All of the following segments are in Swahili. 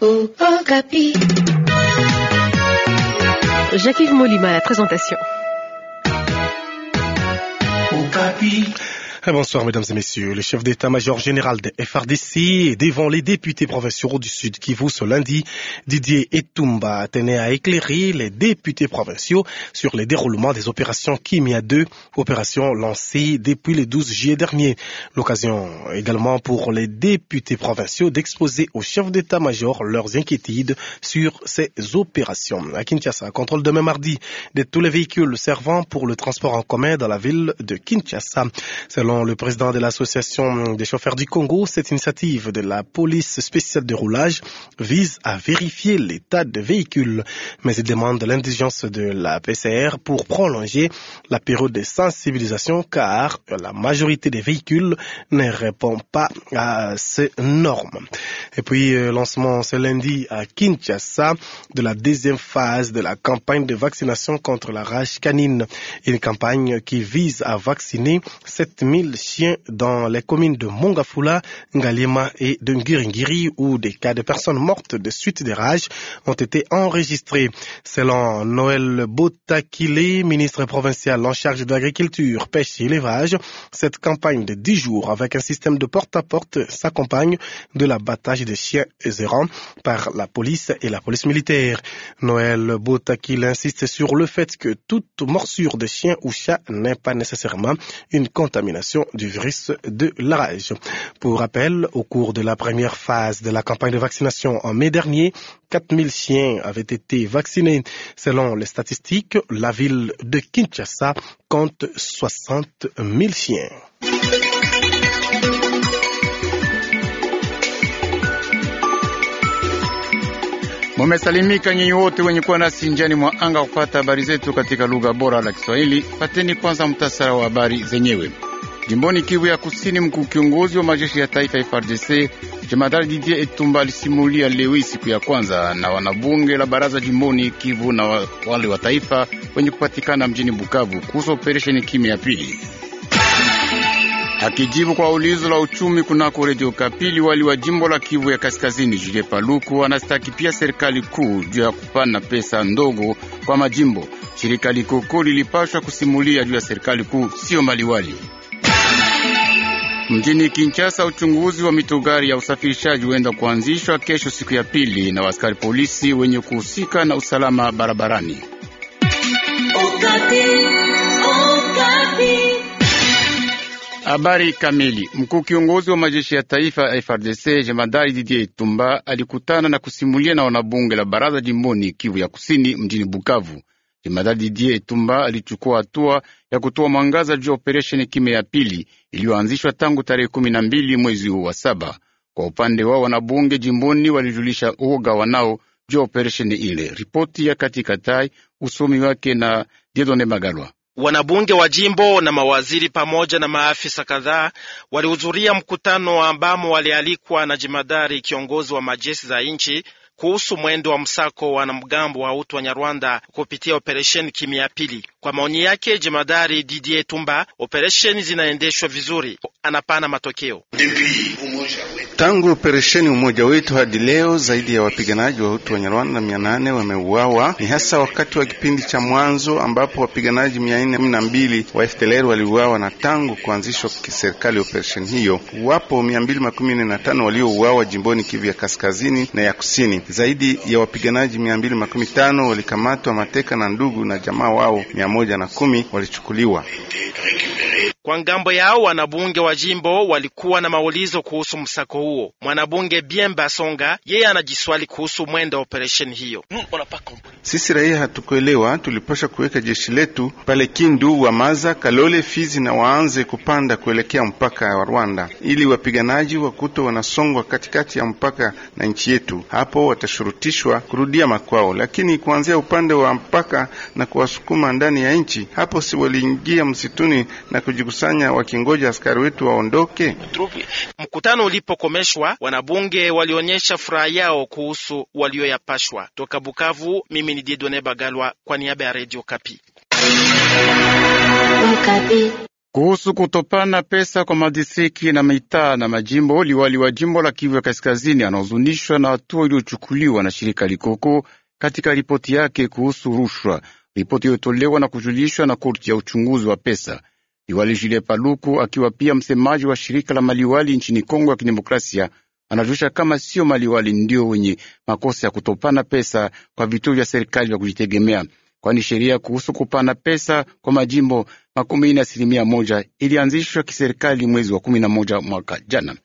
au jacques Molima la présentation. Eh, bonsoir mesdames et messieurs. Le chef d'état-major général de FRDC est devant les députés provinciaux du Sud Kivu ce lundi. Didier Etumba tenait à éclairer les députés provinciaux sur le déroulement des opérations Kimia 2, opération lancée depuis le 12 juillet dernier. L'occasion également pour les députés provinciaux d'exposer aux chefs d'état-major leurs inquiétudes sur ces opérations. À Kinshasa, contrôle demain mardi de tous les véhicules servant pour le transport en commun dans la ville de Kinshasa. Selon le président de l'association des chauffeurs du Congo, cette initiative de la police spéciale de roulage vise à vérifier l'état de véhicules, mais il demande l'indigence de la PCR pour prolonger la période de sensibilisation car la majorité des véhicules ne répond pas à ces normes. Et puis, euh, lancement ce lundi à Kinshasa de la deuxième phase de la campagne de vaccination contre la rage canine. Une campagne qui vise à vacciner 7000 chiens dans les communes de Mongafula, Ngalema et de Nguringiri où des cas de personnes mortes de suite des rages ont été enregistrés. Selon Noël Botakile, ministre provincial en charge de l'agriculture, pêche et élevage, cette campagne de 10 jours avec un système de porte-à-porte s'accompagne de l'abattage des chiens errants par la police et la police militaire. Noël Botakile insiste sur le fait que toute morsure de chien ou chat n'est pas nécessairement une contamination du virus de la Pour rappel, au cours de la première phase de la campagne de vaccination en mai dernier, 4 000 chiens avaient été vaccinés. Selon les statistiques, la ville de Kinshasa compte 60 000 chiens. Jimboni Kivu ya Kusini, mkuu kiongozi wa majeshi ya taifa FARDC jemadari Didier Etumba alisimulia lewi siku ya kwanza na wanabunge la baraza jimboni Kivu na wale wa taifa wenye kupatikana mjini Bukavu kuhusu operesheni kimya ya pili. Akijibu kwa ulizo la uchumi kunako redio Kapili, wali wa jimbo la Kivu ya Kaskazini Julie Paluku anastaki pia serikali kuu juu ya kupana pesa ndogo kwa majimbo. Shirika Likoko lilipashwa kusimulia juu ya serikali kuu, siyo maliwali. Mjini Kinshasa, uchunguzi wa mitogari ya usafirishaji huenda kuanzishwa kesho, siku ya pili, na askari polisi wenye kuhusika na usalama barabarani. Habari kamili. Mkuu kiongozi wa majeshi ya taifa ya FRDC jemadari Didier Itumba alikutana na kusimulia na wanabunge la baraza jimboni Kivu ya Kusini mjini Bukavu. Jemadari Didier Etumba alichukua hatua ya kutoa mwangaza juu ya operesheni kime ya pili iliyoanzishwa tangu tarehe kumi na mbili mwezi huu wa saba. Kwa upande wao wanabunge jimboni walijulisha uoga wanao juu ya operesheni ile. Ripoti ya Katikatai, usomi wake na Diedone Magalwa. Wanabunge wa jimbo na mawaziri pamoja na maafisa kadhaa walihudhuria mkutano ambamo walialikwa na jemadari kiongozi wa majeshi za nchi kuhusu mwendo wa msako wa wanamgambo wa Hutu wa Nyarwanda kupitia operesheni kimia Pili. Kwa maoni yake jemadari Didier Tumba, operesheni zinaendeshwa vizuri anapana matokeo. Tangu operesheni Umoja Wetu hadi leo zaidi ya wapiganaji wa Hutu Nyarwanda mia nane wameuawa. Ni hasa wakati wa kipindi cha mwanzo ambapo wapiganaji mia nne kumi na mbili wa FDLR waliuawa, na tangu kuanzishwa kiserikali operesheni hiyo wapo mia mbili makumi nne na tano waliouawa jimboni Kivu ya kaskazini na ya kusini. Zaidi ya wapiganaji mia mbili makumi tano walikamatwa mateka na ndugu na jamaa wao mia moja na kumi walichukuliwa. Kwa ngambo yao wanabunge wa jimbo walikuwa na maulizo kuhusu msako huo. Mwanabunge bien basonga yeye anajiswali kuhusu mwendo wa operesheni hiyo. Hmm, Sisi raia hatukuelewa, tulipasha kuweka jeshi letu pale Kindu, wa maza Kalole, Fizi na waanze kupanda kuelekea mpaka wa Rwanda ili wapiganaji wakuto wanasongwa katikati ya mpaka na nchi yetu, hapo watashurutishwa kurudia makwao. Lakini kuanzia upande wa mpaka na kuwasukuma ndani ya nchi, hapo si waliingia msituni na kujikusanya tumejikusanya wakingoja askari wetu waondoke. Mkutano ulipokomeshwa, wanabunge walionyesha furaha yao kuhusu walioyapashwa. Toka Bukavu, mimi ni Didone Bagalwa kwa niaba ya Radio Kapi. Kuhusu kutopana pesa kwa madistriki na mitaa na majimbo, liwali wa jimbo la Kivu ya Kaskazini anahuzunishwa na hatua iliyochukuliwa na shirika Likoko katika ripoti yake kuhusu rushwa, ripoti iliyotolewa na kujulishwa na korti ya uchunguzi wa pesa. Liwali Jile Paluku, akiwa pia msemaji wa shirika la maliwali nchini Kongo ya Kidemokrasia, anajulisha kama sio maliwali ndio wenye makosa ya kutopana pesa kwa vituo vya serikali vya kujitegemea, kwani sheria kuhusu kupana pesa kwa majimbo makumi ine asilimia moja ilianzishwa kiserikali mwezi wa kumi na moja mwaka jana.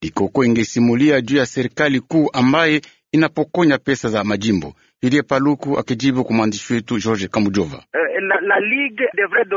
Likoko ingesimulia juu ya serikali kuu ambaye inapokonya pesa za majimbo. Ilie Paluku akijibu kwa mwandishi wetu George Kamujova. Eh, la Ligue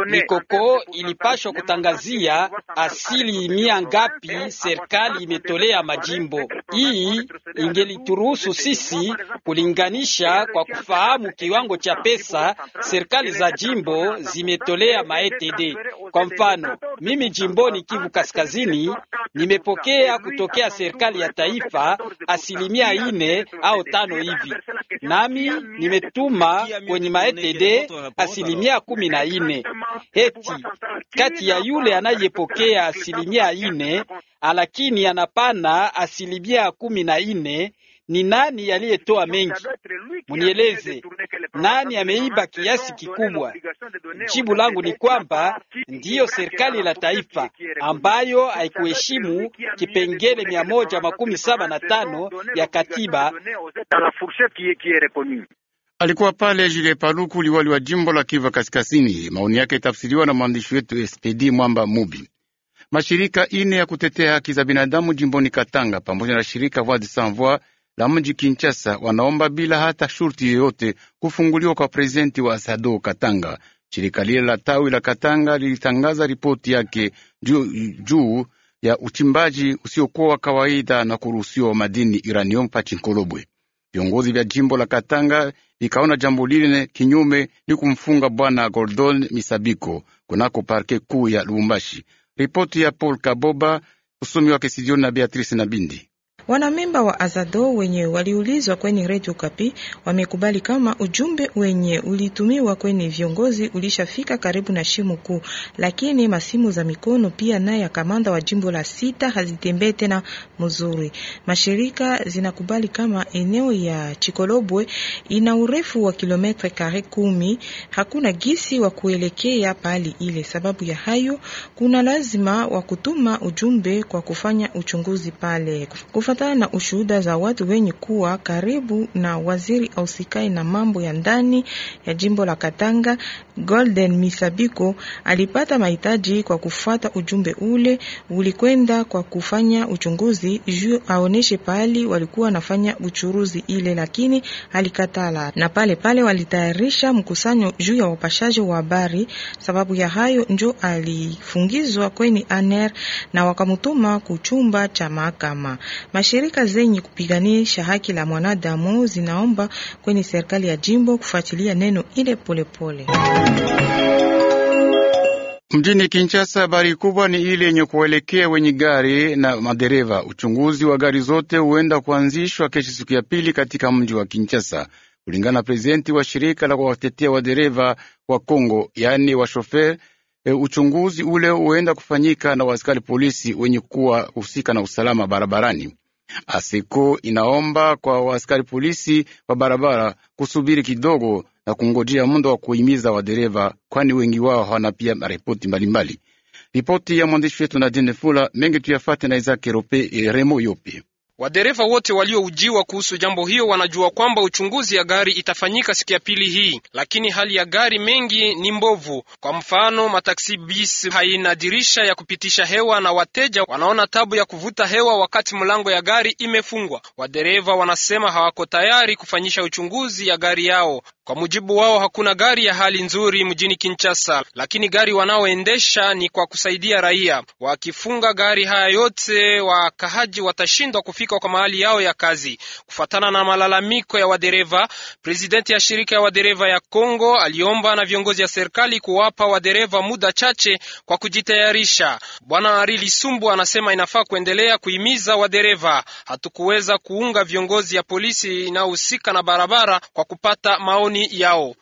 mikoko ilipashwa kutangazia asili mia ngapi serikali imetolea majimbo. Hii ingelituruhusu sisi kulinganisha kwa kufahamu kiwango cha pesa serikali za jimbo zimetolea maetd. Kwa mfano, mimi jimboni Kivu Kaskazini nimepokea kutokea serikali ya taifa asilimia ine au tano hivi na nami nimetuma kwenye maetede asilimia kumi na ine heti kati ya yule anayepokea asilimia ine, alakini anapana asilimia kumi na ine ni nani aliyetoa mengi? Munieleze, nani ameiba kiasi kikubwa? Jibu langu ni kwamba ndiyo serikali la taifa ambayo haikuheshimu kipengele mia moja makumi saba na tano ya katiba. Alikuwa pale Jile Paluku, liwali wa jimbo la Kiva Kaskazini. Maoni yake itafsiriwa na mwandishi wetu SPD Mwamba Mubi. Mashirika ine ya kutetea haki za binadamu jimboni Katanga pamoja na shirika Voix de Sans Voix la mji Kinshasa wanaomba bila hata shurti yoyote kufunguliwa kwa prezidenti wa asado Katanga. Shirika lile la tawi la Katanga lilitangaza ripoti yake juu juu ya uchimbaji usiokuwa wa kawaida na kuruhusiwa wa madini uranium Pachinkolobwe. Viongozi vya jimbo la Katanga vikaona jambo lile kinyume ni kumfunga bwana Gordon Misabiko kunako parke kuu ya Lubumbashi. Ripoti ya Paul Kaboba, usomi wake Sidioni na Beatrice na Bindi. Wanamemba wa Azado wenye waliulizwa kwenye Radio Kapi wamekubali kama ujumbe wenye ulitumiwa kwenye viongozi ulishafika karibu na shimo kuu, lakini masimu za mikono pia na ya kamanda wa jimbo la sita hazitembee tena mzuri. Mashirika zinakubali kama eneo ya Chikolobwe ina urefu wa kilometre kare kumi. Hakuna gisi wa kuelekea pali ile. Sababu ya hayo kuna lazima wa kutuma ujumbe kwa kufanya uchunguzi pale Kufa kufatana na ushuhuda za watu wenye kuwa karibu na waziri ausikai na mambo ya ndani ya jimbo la Katanga, Golden Misabiko alipata mahitaji kwa kufuata ujumbe ule ulikwenda kwa kufanya uchunguzi juu aoneshe pahali walikuwa nafanya uchuruzi ile, lakini alikatala, na pale pale walitayarisha mkusanyo juu ya wapashaji wa habari. Sababu ya hayo njo alifungizwa kweni aner na wakamutuma kuchumba cha mahakama. Mashirika zenye kupiganisha haki la mwanadamu zinaomba kwenye serikali ya jimbo kufuatilia neno ile polepole pole. Mjini Kinshasa, habari kubwa ni ile yenye kuwaelekea wenye gari na madereva. Uchunguzi wa gari zote huenda kuanzishwa kesho, siku ya pili, katika mji wa Kinshasa, kulingana na prezidenti wa shirika la kuwatetea wadereva wa Kongo, yaani washofer. E, uchunguzi ule huenda kufanyika na waskari polisi wenye kuwa husika na usalama barabarani. ASECO inaomba kwa askari polisi wa barabara kusubiri kidogo na kungojea muda wa kuhimiza wadereva, kwani wengi wao hawana pia maripoti mbalimbali. Ripoti ya mwandishi wetu Nadine Fula mengi tuyafate na Izake Rope Remo Yope. Wadereva wote walioujiwa kuhusu jambo hiyo wanajua kwamba uchunguzi ya gari itafanyika siku ya pili hii, lakini hali ya gari mengi ni mbovu. Kwa mfano, mataksi bis haina dirisha ya kupitisha hewa na wateja wanaona tabu ya kuvuta hewa wakati mlango ya gari imefungwa. Wadereva wanasema hawako tayari kufanyisha uchunguzi ya gari yao. Kwa mujibu wao, hakuna gari ya hali nzuri mjini Kinshasa, lakini gari wanaoendesha ni kwa kusaidia raia. Wakifunga gari haya yote, wakahaji watashindwa kufika kufika kwa mahali yao ya kazi. Kufuatana na malalamiko ya wadereva, presidenti ya shirika ya wadereva ya Kongo aliomba na viongozi ya serikali kuwapa wadereva muda chache kwa kujitayarisha. Bwana Arili Sumbu anasema inafaa kuendelea kuhimiza wadereva. Hatukuweza kuunga viongozi ya polisi inayohusika na barabara kwa kupata maoni yao.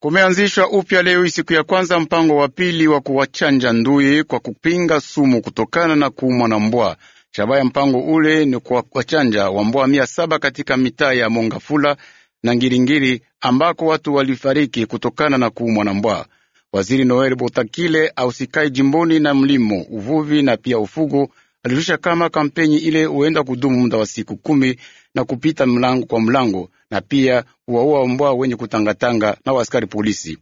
Kumeanzishwa upya leo siku ya kwanza mpango wa pili wa kuwachanja ndui kwa kupinga sumu kutokana na kuumwa na mbwa. Shabaha ya mpango ule ni kwa kuwachanja wambwa mia saba katika mitaa ya Mongafula na Ngiringiri ambako watu walifariki kutokana na kuumwa na mbwa. Waziri Noel Botakile ausikae jimboni na mlimo, uvuvi na pia ufugo alirusha kama kampeni ile huenda kudumu muda wa siku kumi na kupita mlango kwa mlango na pia kuwaua mbwa wenye kutangatanga na waaskari polisi.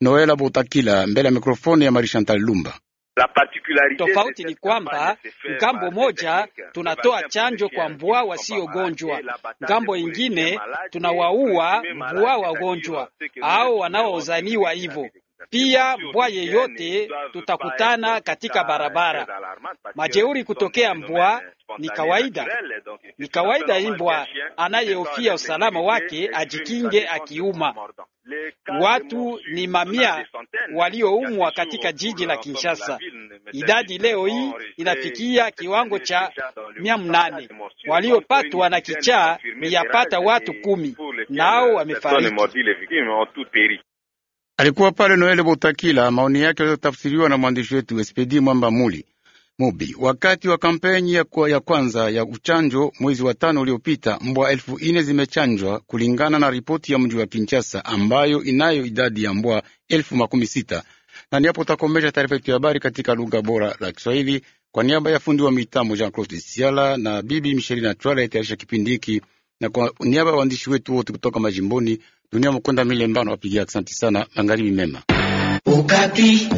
Noela Botakila mbele ya mikrofoni ya Marishantal Lumba. La particularité tofauti ni kwamba ngambo moja tunatoa chanjo kwa mbwa wasiogonjwa, ngambo ingine tunawaua mbwa wagonjwa au wanaozaniwa hivyo. Pia mbwa yeyote tutakutana katika barabara. Majeuri kutokea mbwa ni kawaida, ni kawaida. imbwa anayehofia usalama wake ajikinge akiuma. Watu ni mamia walioumwa katika jiji la Kinshasa. Idadi leo hii inafikia kiwango cha mia mnane. Waliopatwa na kichaa ni yapata watu kumi, nao wamefariki. Alikuwa pale Noele Botakila, maoni yake yalitafsiriwa na mwandishi wetu Espedi Mwamba Muli Mubi wakati wa kampeni ya, kwa ya kwanza ya uchanjo mwezi wa tano uliopita. Mbwa elfu ine zimechanjwa kulingana na ripoti ya mji wa Kinshasa ambayo inayo idadi ya mbwa elfu makumi sita na niapo utakomesha taarifa yetu ya habari katika lugha bora la Kiswahili kwa niaba ya fundi wa mitambo Jean Claude Siala na bibi Michelina Twala itayarisha kipindi hiki na kwa niaba ya waandishi wetu wote kutoka majimboni Dunia Mkwenda Milemba na wapigia. Asante sana, magharibi mema. Ukapi.